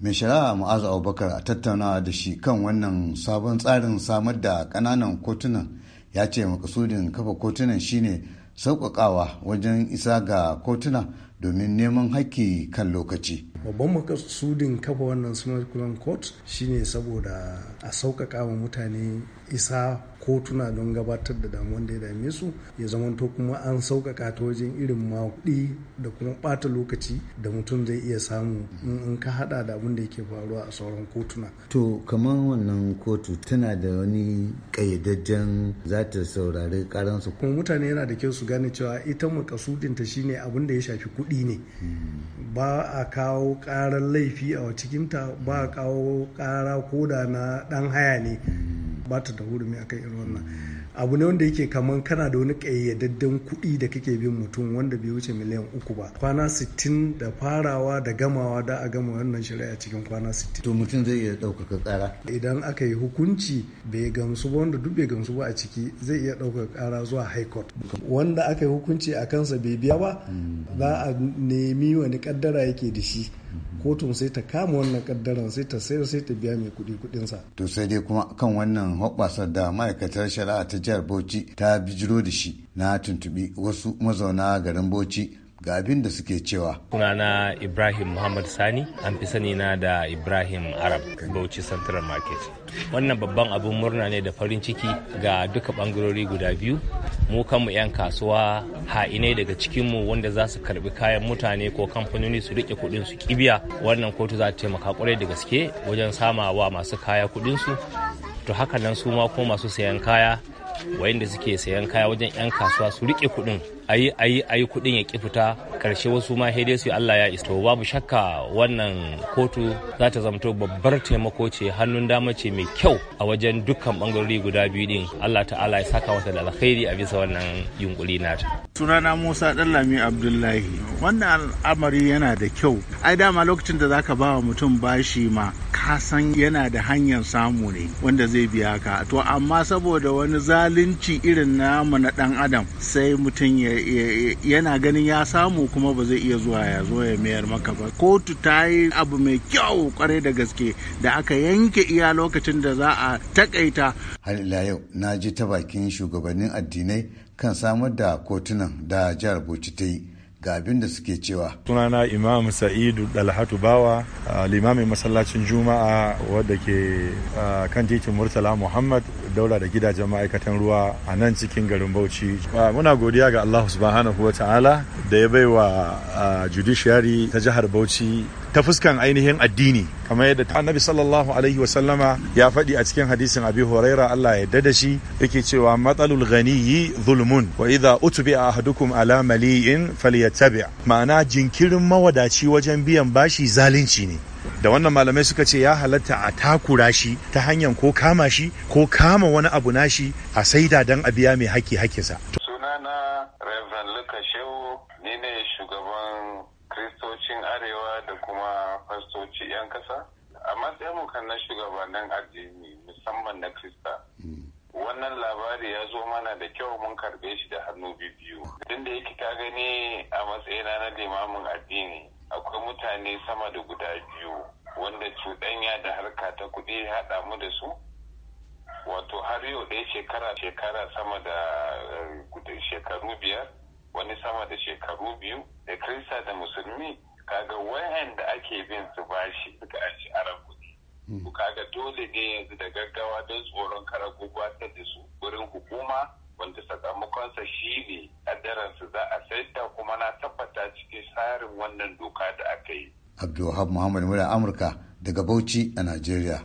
mai shari'a mu'azu abubakar a tattaunawa da shi kan wannan sabon tsarin samar da ƙananan kotunan ya ce makasudin kafa kotunan shine sauƙaƙawa wajen isa ga kotuna domin neman haƙƙi kan lokaci babban makasudin kafa wannan smart court shine saboda a sauƙaƙa wa mutane isa kotuna don gabatar da damuwan da ya dame su ya zamanto kuma an sauƙaƙa ta wajen irin makuɗi da kuma ɓata lokaci da mutum zai iya samu in ka haɗa da abin da yake faruwa a sauran kotuna. To kamar wannan kotu tana da wani ƙayyadajjen za ta saurari karansu. Kuma mutane yana da kyau su gane cewa ita makasudinta shine abin da ya shafi kuɗi ne. Hmm. Ba a kawo ƙarar laifi a cikinta ba a kawo ƙara koda na ɗan haya ne. Hmm. ba ta da hurumi akan irin wannan abu ne wanda yake kaman kana da wani ƙayyadadden kuɗi da kake bin mutum wanda bai wuce miliyan uku ba kwana sittin da farawa da gamawa da a gama wannan shari'a cikin kwana sittin. to mutum zai iya ɗaukaka ƙara idan aka yi hukunci bai gamsu ba wanda duk bai gamsu ba a ciki zai iya ɗaukaka ƙara zuwa high court wanda aka yi hukunci a kansa bai biya ba hmm. za a nemi wani ƙaddara yake da shi kotun sai ta kama wannan kaddaran sai ta sayar sai ta biya mai kuɗi kuɗinsa. to sai dai kuma kan wannan hoɓɓasar da ma'aikatar shari'a ta jihar bauchi ta bijiro da shi na tuntuɓi wasu mazauna garin bauchi ga abin da suke cewa. Sunana Ibrahim Muhammad Sani, an fi sani na da Ibrahim Arab, Bauchi Central Market. Wannan babban abin murna ne da farin ciki ga duka bangarori guda biyu. Mu kanmu 'yan kasuwa ha'inai daga cikinmu wanda za su karbi kayan mutane ko kamfanoni su rike kuɗin su kibiya. Wannan kotu za ta taimaka kwarai da gaske wajen sama wa masu kaya kuɗinsu. To haka nan su ma ko masu sayan kaya wayanda suke sayan kaya wajen 'yan kasuwa su rike kuɗin ayi ayi ayi kuɗin ya ki fita karshe wasu ma dai su Allah ya isto babu shakka wannan kotu za ta zamto babbar taimako ce hannun dama ce mai kyau a wajen dukkan bangarori guda biyu din Allah ta'ala ya saka mata da alkhairi a bisa wannan yunkuri nata sunana Musa Dallami Abdullahi wannan al'amari yana da kyau ai dama lokacin da zaka ba wa mutum bashi ma san yana da hanyar samu ne wanda zai biya ka to amma saboda wani zalunci irin namu na dan adam sai mutum yana ganin ya samu kuma ba zai iya zuwa ya zo ya mayar maka ba kotu ta yi abu mai kyau kwarai da gaske da aka yanke iya lokacin da za a takaita har ila yau na ji ta bakin shugabannin addinai kan samar da kotunan da jihar bauchi ta yi ga abin da suke cewa. Sunana Imam Sa'idu Dalhatu Bawa, limamin masallacin Juma'a wadda ke kan titin Murtala Muhammad daura da gidajen ma'aikatan ruwa a nan cikin garin Bauchi. Muna godiya ga Allah subhanahu wa ta'ala da ya baiwa judiciary ta jihar Bauchi ta fuskan ainihin addini kamar yadda annabi sallallahu alaihi wasallama ya faɗi a cikin hadisin abi huraira Allah ya dada shi yake cewa matsalul ganiyi zulmun wa idza utbi ahadukum ala mali'in falyattabi ma'ana jinkirin mawadaci wajen biyan bashi zalunci ne da wannan malamai suka ce ya halatta a takura shi ta hanyar ko kama shi ko kama wani abu nashi a saida dan a biya mai haƙƙi haƙƙinsa fastoci 'yan kasa a matsayin kan na shugabannin addini musamman na krista wannan labari ya zo mana da kyau mun karbe shi da hannu biyu tun da yake ka gani a matsayina na limamin addini akwai mutane sama da guda biyu wanda cuɗanya da harka ta kuɗi haɗa mu da su wato har yau ɗaya shekara shekara sama da eh, shekaru biyar wani sama da shekaru biyu da krista da musulmi kaga wayanda ake bin su bashi suka an shi aran kuɗi hmm. kaga dole ne yanzu da gaggawa don tsoron kara gubatar da su wurin hukuma wanda sakamakonsa shi ne su za a saita kuma na tabbata cikin tsarin wannan doka da aka yi. Abdulwahab Muhammad Mura Amurka daga Bauchi a Najeriya.